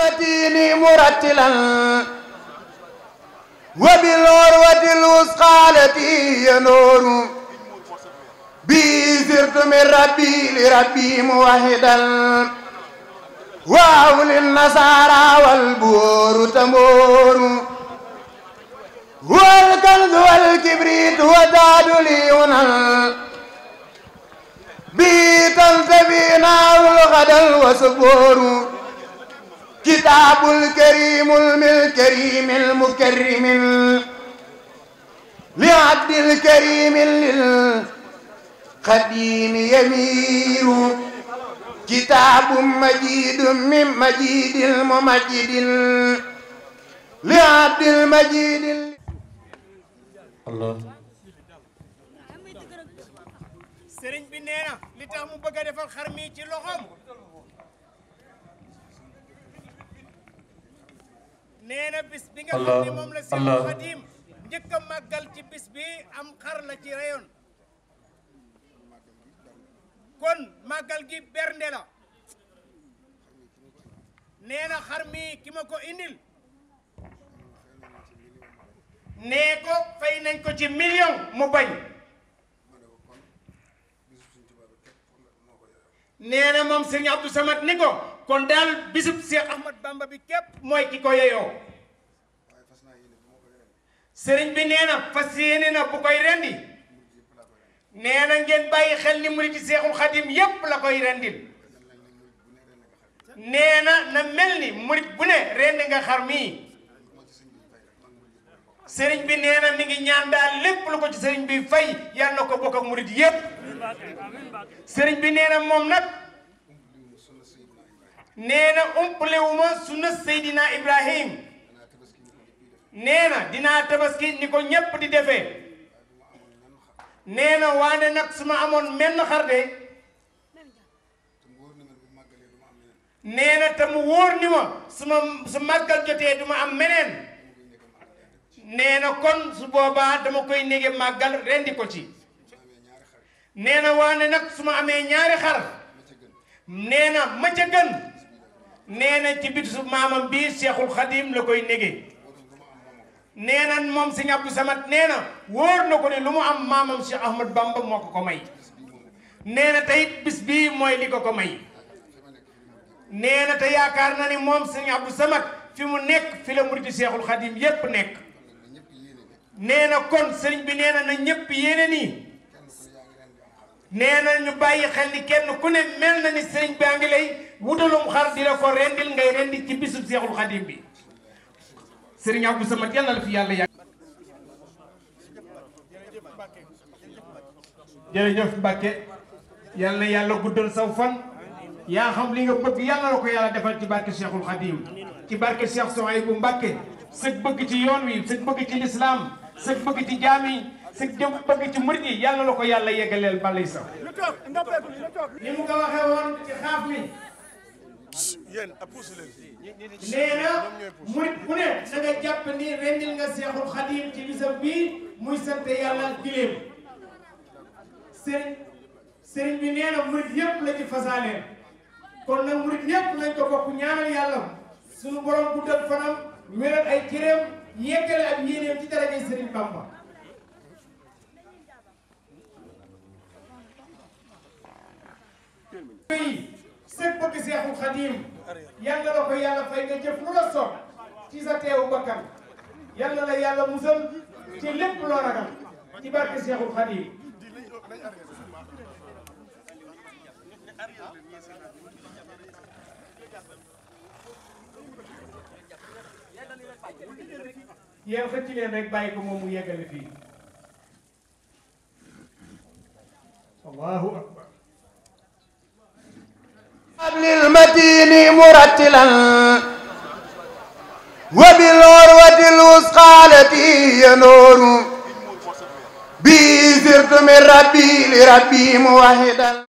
المدين مرتلا وبالعروة الوثقى التي هي نور بيزرت من ربي لربي موحدا واو للنصارى والبور تمور والكنز والكبريت وداد ليونا هنا بي تنتبينا وسبور كتاب الكريم الكريم المكرم لعبد الكريم للقديم يمير كتاب مجيد من مجيد الممجد لعبد المجيد الله sëriñ bi nee na li tax mu bëgg a defal xar mi ci loxoom neena na bi nga xam ne moom la Seexul Xadiim njëkk a màggal ci bis bi am xar la ci rayon kon màggal gi bernde la nee na xar mi ki ma ko indil nee ko fay nañ ko ci million mu bañ nee na moom sëñ Abdou Samad ni ko kon daal bisub Cheikh Ahmad Bamba bi képp mooy ki ko yeyoo sëriñ bi nee na fas na bu koy rendi nee ngeen bàyyi xel ni murid yi Seexul Xadim yépp la koy rendil nee na mel ni murid bu ne rendi nga xar mii sëriñ bi nee na mi ngi ñaan daal lépp lu ko ci sëriñ bi fay yal na ko bokk ak murid yépp sëriñ bi nee moom nag nee na umpalewuma sunna Seydina Ibrahim nee na dinaa ni ko ñépp di defee nee waane nag su ma amoon menn xar de nee na wóor ni ma su ma su jotee du ma am meneen nee na kon su boobaa dama koy nége màggal rendi ko ci nee na waane nag su ma amee ñaari xar nee ma ca gën nee na ci bitu su maamam bii Cheikhul Khadim la koy nége nee moom si ñàpp samat nee na wóor na ko ne lu mu am maamam Cheikh Ahmad Bamba moo ko ko may nee na teyit bis bii mooy li ko ko may nee te yaakaar na ni moom sëñ Abdou Samad fi mu nekk fi la muridi Seexul Xadim yépp nekk nee na kon sëriñ bi nee na na ñëpp yéene nii nee na ñu bàyyi xel ni kenn ku ne mel na ni sëriñ baa ngi lay wutalum xar di la ko rendil ngay rendi ci bisub Seexul Xadim bi sëriñ Abdou Samad yàlla la fi yàlla yàgg. jërëjëf Mbacke yal na yàlla guddal saw fan yaa xam li nga bëgg yàlla la ko yàlla defal ci barke Cheikhul Khadim ci barke Cheikh Souhaïbou Mbacke sëg bëgg ci yoon wi sëg bëgg ci lislaam sëg bëgg ci jaam yi sëg jëm bëgg ci murit yi yàlla la ko yàlla yeggaleel balay sax ni mu ko waxee ci xaaf mi ah, nee na murit bu ne jàpp ni rendil nga seexul xadim ci bisam bii muy sant yàlla gileem sëriñ sëriñ bi nee na murit yëpp la ci fasaaleen kon nag murit yëpp lañ ko bokk ñaanal yàlla suñu borom fanam wéral ay cëreem yeggale ak yéeneem ci darajay Serigne Bamba yi sëg bëgg Seexul Xadim yàlla la ko yàlla fay nga jëf lu la soog ci sa teewu bakkan yàlla la yàlla musal ci lépp loo ragal ci barke Seexul Xadim yow xëcc leen rek bàyyi ko moom mu yeggale fii allahu akbar للمتين مرتلا وبالعروة الوثقى التي هي نور بي سرت من ربي لربي موحدا